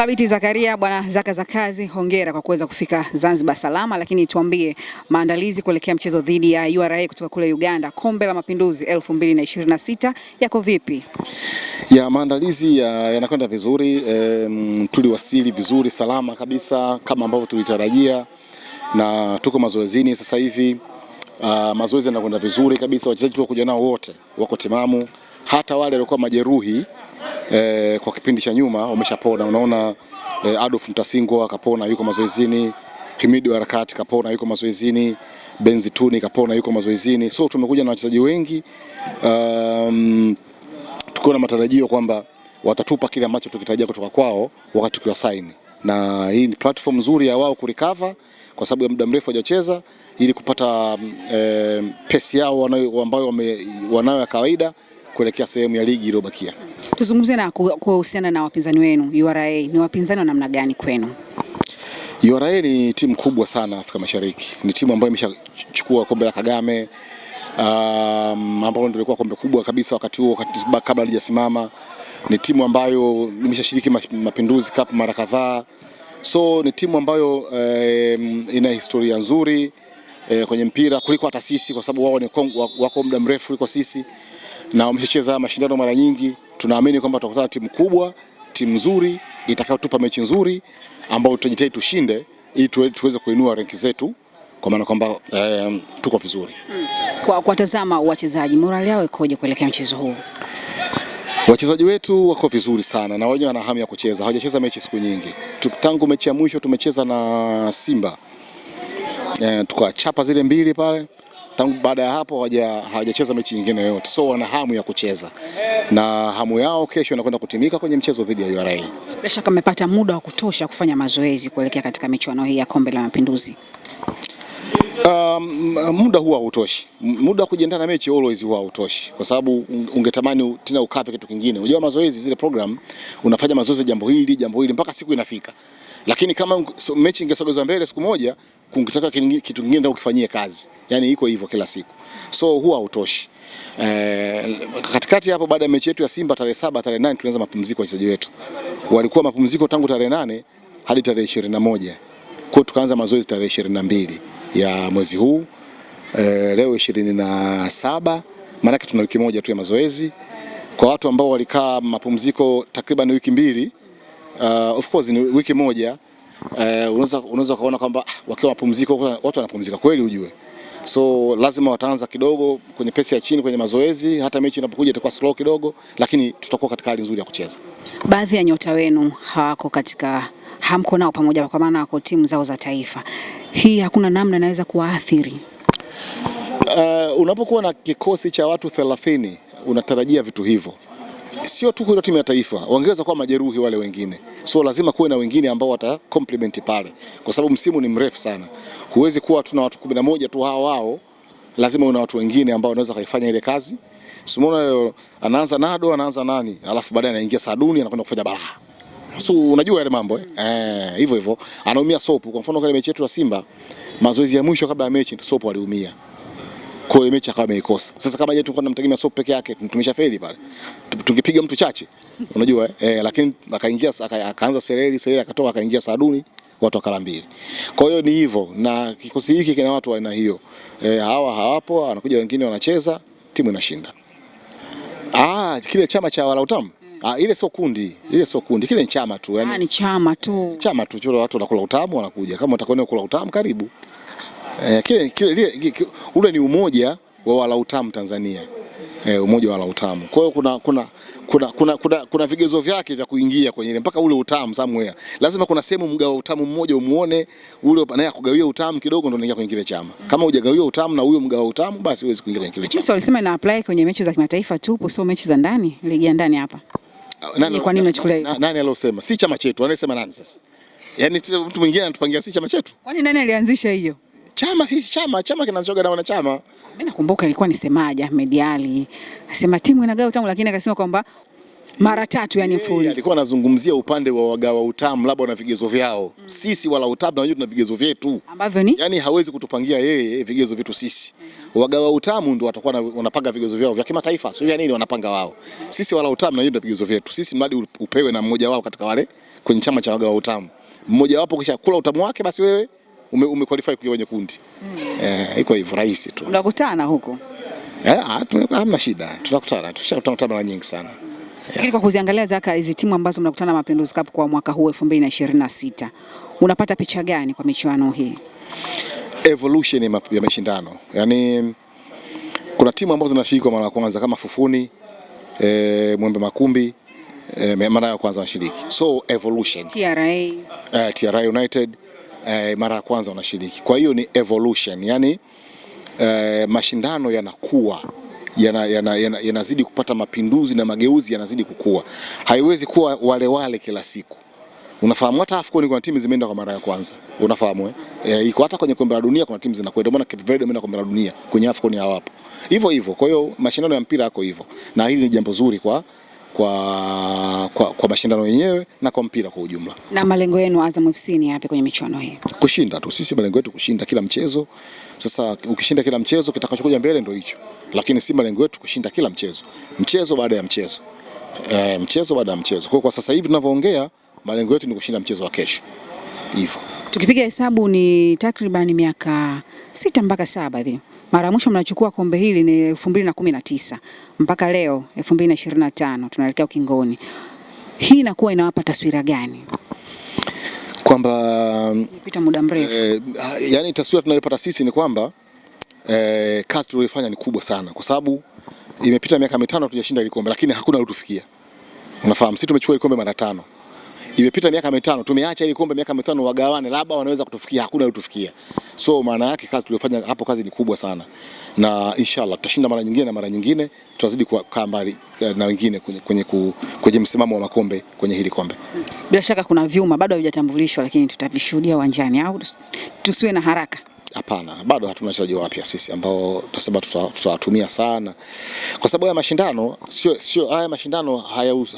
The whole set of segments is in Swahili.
Thabiti Zakaria, bwana Zaka za kazi, hongera kwa kuweza kufika Zanzibar salama, lakini tuambie maandalizi kuelekea mchezo dhidi ya URA kutoka kule Uganda, kombe la mapinduzi 2026 yako vipi? Ya maandalizi yanakwenda ya vizuri. E, tuliwasili vizuri salama kabisa kama ambavyo tulitarajia na tuko mazoezini sasa hivi. Uh, mazoezi yanakwenda vizuri kabisa, wachezaji tuliokuja nao wote wako timamu, hata wale waliokuwa majeruhi e, kwa kipindi cha nyuma wameshapona. Unaona e, Adolf Mtasingwa kapona yuko mazoezini, Himidu Harakati kapona yuko mazoezini, Benzi Tuni kapona yuko mazoezini. So tumekuja na wachezaji wengi um, tukiwa na matarajio kwamba watatupa kile ambacho tukitarajia kutoka kwao wakati tukiwa saini na hii ni platform nzuri ya wao kurecover kwa sababu ya muda mrefu hajacheza, ili kupata um, eh, e, pesi yao ambayo wanayo ya kawaida kuelekea sehemu ya ligi iliyobakia. Tuzungumzie na kuhusiana na wapinzani wenu URA, ni wapinzani wa namna gani kwenu? URA ni timu kubwa sana Afrika Mashariki, ni timu ambayo imeshachukua kombe la Kagame um, ambayo ndio ilikuwa kombe kubwa kabisa wakati huo kabla halijasimama. Ni timu ambayo imeshashiriki Mapinduzi Cup mara kadhaa, so ni timu ambayo um, ina historia nzuri eh, kwenye mpira kuliko hata sisi kwa sababu wao wako muda mrefu kuliko sisi na wameshacheza mashindano mara nyingi. Tunaamini kwamba tutakutana timu kubwa, timu nzuri itakayotupa mechi nzuri ambayo tutajitahidi tushinde ili tuweze kuinua ranki zetu, kwa maana kwamba eh, tuko vizuri. Hmm. Kwa kuwatazama wachezaji, morale yao ikoje kuelekea mchezo huu? Wachezaji wetu wako vizuri sana na wenyewe wana hamu ya kucheza, hawajacheza mechi siku nyingi. Tangu mechi ya mwisho tumecheza na Simba e, eh, tukachapa zile mbili pale tangu baada ya hapo hawajacheza mechi nyingine yoyote, so wana hamu ya kucheza na hamu yao kesho inakwenda kutimika kwenye mchezo dhidi ya URA. Bila shaka mmepata muda wa kutosha kufanya mazoezi kuelekea katika michuano hii ya Kombe la Mapinduzi. Um, muda huwa hautoshi. Muda wa kujiandaa na mechi always huwa hautoshi, kwa sababu ungetamani tena ukafe kitu kingine. Unajua mazoezi, zile program unafanya mazoezi, jambo hili jambo hili mpaka siku inafika lakini kama so, mechi ingesogezwa mbele siku moja, kungetaka kitu kingine ndio ukifanyie kazi. Yani iko hivyo kila siku, so huwa hautoshi. Eh, katikati hapo, baada ya mechi yetu ya Simba tarehe saba, tarehe nane tunaanza mapumziko. Wachezaji wetu walikuwa mapumziko tangu tarehe nane hadi tarehe ishirini na moja kwa tukaanza mazoezi tarehe ishirini na mbili ya mwezi huu eh, leo ishirini na saba maanake tuna wiki moja tu ya mazoezi. Kwa watu ambao walikaa mapumziko takriban wiki mbili uh, of course ni wiki moja uh, unaweza unaweza ukaona kwamba ah, wakiwa wapumzika, watu wanapumzika kweli, ujue so lazima wataanza kidogo kwenye pesi ya chini kwenye mazoezi. Hata mechi inapokuja itakuwa slow kidogo, lakini tutakuwa katika hali nzuri ya kucheza. Baadhi ya nyota wenu hawako katika, hamko nao pamoja, kwa maana wako timu zao za taifa. Hii hakuna namna inaweza kuwaathiri. Uh, unapokuwa na kikosi cha watu 30 unatarajia vitu hivyo sio tu kwa timu ya taifa, wangeweza kuwa majeruhi wale wengine, so lazima kuwe na wengine ambao wata complement pale, kwa sababu msimu ni mrefu sana. Huwezi kuwa tuna watu 11 tu hao wao, lazima una watu wengine ambao wanaweza kaifanya ile kazi. Simona leo anaanza Nado, anaanza nani, alafu baadaye anaingia Saduni, anakwenda kufanya balaa. So unajua yale mambo eh, eh hivyo hivyo anaumia Sopu. Kwa mfano kwa mechi yetu ya Simba, mazoezi ya mwisho kabla ya mechi, Sopu aliumia. Kwa hiyo mechi akawa ameikosa. Sasa kama je, tulikuwa tunamtegemea Sopu peke yake, tumeshafeli pale. Tungepiga mtu chache. Unajua eh, lakini akaingia akaanza Sereli, Sereli akatoka akaingia Saduni watu wakala mbili. Kwa hiyo ni hivyo, na kikosi hiki kina watu wa aina hiyo. E, hawa hawapo, wanakuja wengine wanacheza, timu inashinda. Ah, kile chama cha wala walautamu mm. Ah, ile sio kundi, ile sio kundi, kile ni chama tu Yaani ni chama tu. Chama tu, watu wanakula utamu wanakuja. Kama utakuwa kula utamu karibu. Eh, kile, kile, kile, ule ni umoja wa walautamu Tanzania. Eh, umoja wa walautamu. Kwa hiyo kuna kuna kuna kuna, kuna, kuna vigezo vyake vya kuingia kwenye ile mpaka ule utamu somewhere. Lazima kuna sehemu mgawa utamu mmoja umuone ule naye akugawia utamu kidogo ndio unaingia kwenye kile chama. Mm. Kama hujagawia utamu na huyo mgawa utamu basi huwezi kuingia kwenye kile chama. Sasa walisema ina apply kwenye mechi za kimataifa tu, sio mechi za ndani, ligi ya ndani hapa. Ah, nani kwa nini unachukulia hiyo? Nani aliyosema? Si chama chetu, anasema nani sasa? Yaani mtu mwingine anatupangia si chama chetu. Kwani nani alianzisha hiyo? chama sisi chama chama kinachoga na wanachama. Mimi nakumbuka ilikuwa ni Semaji Ahmed Ali asema timu inagawa utamu, lakini akasema kwamba mara tatu yani mfululizo. Alikuwa anazungumzia upande wa wagawa utamu, labda wana vigezo vyao mm. Sisi wala utamu na wao tuna vigezo vyetu ambavyo ni yani, hawezi kutupangia yeye vigezo vyetu sisi mm. Wagawa utamu ndio watakuwa wanapanga vigezo vyao vya kimataifa, sio vya nini wanapanga wao. mm. Sisi wala utamu na wao tuna vigezo vyetu sisi, mradi upewe na mmoja wao katika wale kwenye chama cha wagawa utamu, mmoja wapo kisha kula utamu wake, basi wewe ume, ume qualify kwa kwenye kundi mm. Eh, iko hivyo rahisi tu. Tunakutana huko? Eh, ah, hamna shida, tunakutana, tushakutana na nyingi sana lakini kwa kuziangalia Zaka hizi timu ambazo mnakutana Mapinduzi Cup kwa mwaka huu 2026 unapata picha gani kwa michuano hii? Evolution ya mashindano, yaani kuna timu ambazo zinashiriki kwa mara ya kwanza kama Fufuni e, Mwembe Makumbi e, mara ya kwanza washiriki, so evolution TRA, uh, eh, TRA United eh, mara ya kwanza unashiriki Kwa hiyo ni evolution, yani eh, mashindano yanakuwa yanazidi yana, yana, yana kupata mapinduzi na mageuzi yanazidi kukua, haiwezi kuwa walewale wale kila siku. Unafahamu hata AFCON kuna timu zimeenda kwa mara ya kwanza, unafahamu eh? Eh, iko hata kwenye kombe la dunia kuna timu zinakwenda, maana Cape Verde imeenda kombe la dunia, kwenye AFCON hawapo hivyo hivyo. Kwa hiyo mashindano ya mpira yako hivyo, na hili ni jambo zuri kwa kwa, kwa, kwa mashindano yenyewe na kwa mpira kwa ujumla. Na malengo yenu Azam FC ni yapi kwenye michuano hii? Kushinda tu, sisi malengo yetu kushinda kila mchezo. Sasa ukishinda kila mchezo, kitakachokuja mbele ndio hicho, lakini si malengo yetu kushinda kila mchezo, mchezo baada ya mchezo e, mchezo baada ya mchezo. Kwa kwa sasa hivi tunavyoongea, malengo yetu ni kushinda mchezo wa kesho hivyo tukipiga hesabu ni takriban miaka sita mpaka saba hivi. Mara ya mwisho mnachukua kombe hili ni elfu mbili na kumi na tisa mpaka leo elfu mbili na ishirini na tano tunaelekea ukingoni. Hii inakuwa inawapa taswira gani? Kwamba pita muda mrefu e, yani taswira tunayopata sisi ni kwamba eh, kazi tuliyofanya ni kubwa sana, kwa sababu imepita miaka mitano tujashinda ile kombe, lakini hakuna aliotufikia. Unafahamu, sisi tumechukua ile kombe mara tano imepita miaka mitano, tumeacha ili kombe miaka mitano wagawane, labda wanaweza kutufikia, hakuna kutufikia. So maana yake kazi tuliyofanya hapo, kazi ni kubwa sana, na inshallah tutashinda mara nyingine na mara nyingine, tutazidi kukaa mbali eh, na wengine kwenye, kwenye, kwenye, kwenye msimamo wa makombe kwenye hili kombe. Bila shaka kuna vyuma bado havijatambulishwa, lakini tutavishuhudia uwanjani, au tusiwe na haraka? Hapana, bado hatuna wachezaji wapya sisi ambao tunasema tutawatumia sana, kwa sababu haya mashindano sio, sio haya mashindano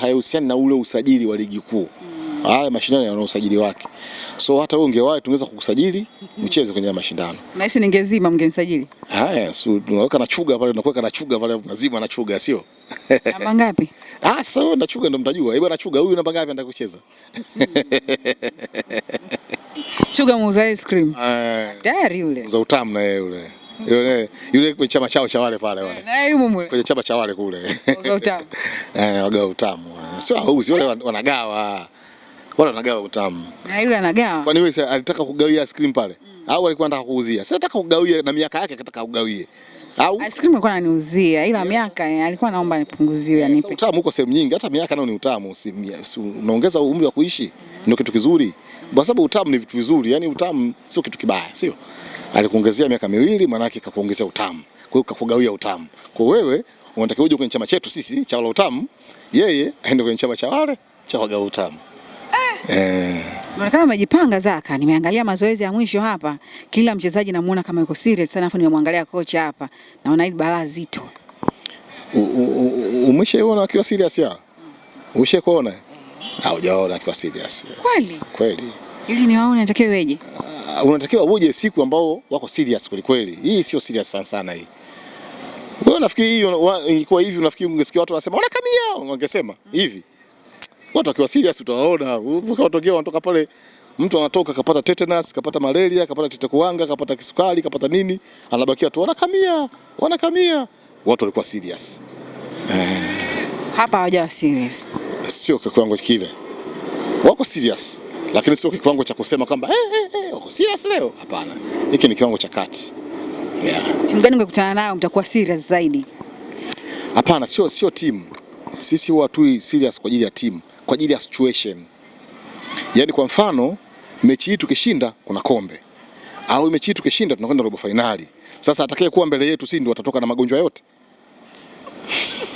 hayahusiani na ule usajili wa ligi kuu. mm haya mashindano yana usajili wake. So hata wewe ungewahi tungeweza kukusajili mcheze kwenye mashindano. Na sisi ningezima mngenisajili. Haya, so tunaweka na chuga pale, tunakuweka na chuga pale, unazima na chuga sio? Namba ngapi? Ah, sasa wewe na chuga ndo mtajua. Hebu na chuga huyu namba ngapi anataka kucheza? Chuga muuza ice cream. Ah, Tayari yule. Muuza utamu na yeye yule. Yule yule kwenye chama chao cha wale pale wale. Na yumo mule. Kwenye chama cha wale kule. Muuza utamu. Eh, waga utamu. Sio wauzi wale wanagawa wala anagawa utamu. Na yule anagawa. Kwani wewe alitaka kugawia ice cream pale? Mm. Au alikuwa anataka kuuzia? Sasa anataka kugawia na miaka yake akataka kugawie. Au ice cream alikuwa ananiuzia ila yeah. Miaka eh, alikuwa anaomba nipunguziwe yeah, anipe. Utamu uko sehemu nyingi, hata miaka nao ni utamu, si unaongeza umri wa kuishi mm. Ndio kitu kizuri. Kwa sababu utamu ni vitu vizuri, yani utamu sio kitu kibaya, sio? Alikuongezea miaka miwili, maana yake kakuongezea utamu. Kwa hiyo kakugawia utamu. Kwa wewe unatakiwa uje kwenye chama chetu sisi cha wala utamu, yeye aende kwenye chama cha wale cha wagao utamu. Eh. Unaonekana umejipanga Zaka. Nimeangalia mazoezi ya mwisho hapa. Kila mchezaji namuona kama yuko serious sana afu nimemwangalia kocha hapa. Naona hili balaa zito. Umeshaona akiwa serious ya? Ushakuona? Haujaona eh. ah, akiwa serious. Kweli? Kweli. Ili niwaone ah, unatakiwa weje? Uh, unatakiwa uje siku ambao wako serious kweli kweli. Hii sio serious sana sana hii. Wewe unafikiri hii ilikuwa hivi unafikiri ungesikia watu wanasema ona kamia, ungesema mm. hivi watu wakiwa serious utawaona, watokea wanatoka pale, mtu anatoka kapata tetanus, kapata malaria, kapata tetekuwanga, kapata kisukari, kapata nini, anabakia tu wanakamia, wanakamia. Watu walikuwa serious Hapa hawajawa serious, sio kwa kiwango kile, wako serious lakini sio kiwango cha kusema kwamba eh, hey, eh, eh, wako serious leo. Hapana, hiki ni kiwango cha kati yeah. Timu gani ungekutana nayo mtakuwa serious zaidi? Hapana, sio sio timu. Sisi huwa tu serious kwa ajili ya timu kwa ajili ya situation. Yaani kwa mfano mechi hii tukishinda kuna kombe au mechi hii tukishinda tunakwenda robo finali. Sasa atakayekuwa mbele yetu si ndio atatoka na magonjwa yote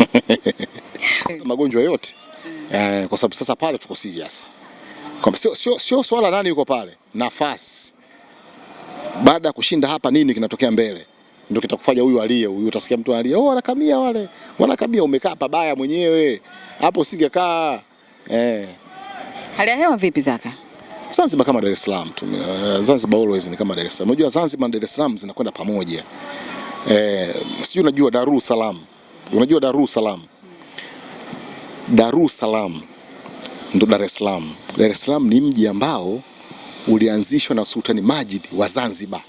magonjwa yote mm. eh, kwa sababu sasa pale tuko serious Kwa sio sio sio swala nani yuko pale, nafasi. Baada ya kushinda hapa, nini kinatokea mbele ndio kitakufanya huyu alie huyu, utasikia mtu aliye, oh, wanakamia wale, wanakamia. Umekaa pabaya mwenyewe hapo, usingekaa. Eh. Hali ya hewa vipi Zaka? Zanzibar kama Dar es Salaam tu. Eh, Zanzibar always ni kama Dar es Salaam. Unajua Zanzibar na Dar es Salaam zinakwenda pamoja. Eh, si unajua Darul Salaam. Unajua Darul Salaam. Darul Salaam ndo Dar es Salaam. Dar es Salaam ni mji ambao ulianzishwa na Sultan Majid wa Zanzibar.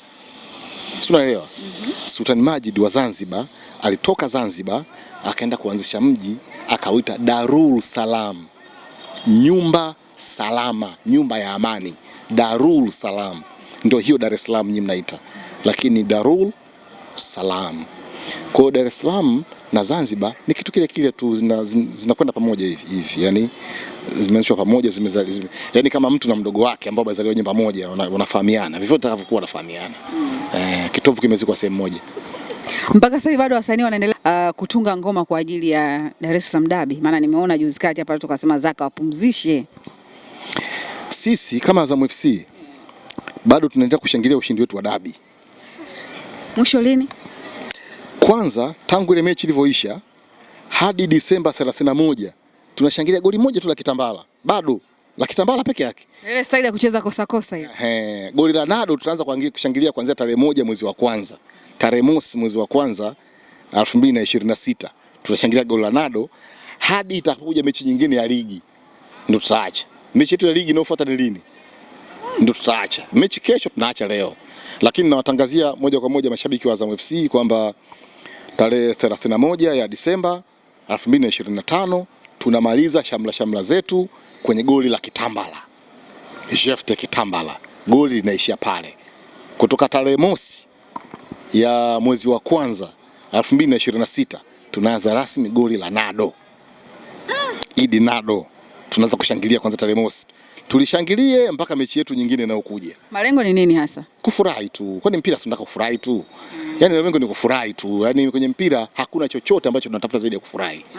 Si unaelewa? Mm -hmm. Sultan Majid wa Zanzibar alitoka Zanzibar akaenda kuanzisha mji akauita Darul Salaam nyumba salama, nyumba ya amani, Darul Salam ndio hiyo Dar es Salaam nyinyi mnaita, lakini Darul Salam. Kwa Dar es Salaam na Zanzibar ni kitu kile kile tu, zinakwenda zina pamoja hivi hivi, yani zimeanzishwa pamoja zimezali, zime, yani kama mtu na mdogo wake ambao wamezaliwa nyumba moja, wanafahamiana vivyo vitakavyokuwa wanafahamiana. Mm. Eh, kitovu kimezikwa sehemu moja. Mpaka sasa bado wasanii wanaendelea uh, kutunga ngoma kwa ajili ya Dar es Salaam Dabi, maana nimeona juzi kati hapa tukasema Zaka wapumzishe. Sisi kama Azam FC bado tunaendelea kushangilia ushindi wetu wa Dabi. Mwisho lini? Kwanza tangu ile mechi ilivyoisha hadi Disemba 31 tunashangilia goli moja tu la Kitambala, bado la Kitambala peke yake, ile staili ya kucheza kosa kosa hiyo. Eh, goli la Nado tutaanza kushangilia kuanzia tarehe moja mwezi wa kwanza tarehe mosi mwezi wa kwanza 2026 tutashangilia gol la Nado hadi itakapokuja mechi nyingine ya ligi, ndio tutaacha. Mechi yetu ya ligi inayofuata ni lini? Ndio tutaacha mechi kesho, tunaacha leo. Lakini nawatangazia moja kwa moja mashabiki wa Azam FC kwamba tarehe 31 ya Disemba 2025 tunamaliza shamla shamla zetu kwenye goli la Kitambala, Jefte Kitambala, goli linaishia pale kutoka tarehe mosi ya mwezi wa kwanza 2026 tunaanza rasmi goli la Nado mm. Idi Nado, tunaanza kushangilia kwanza tarehe mosi, tulishangilie mpaka mechi yetu nyingine inayokuja. Malengo ni nini hasa? Kufurahi tu, kwani mpira si unataka kufurahi tu? Yani malengo ni kufurahi tu, yani kwenye mpira hakuna chochote ambacho tunatafuta zaidi ya kufurahi.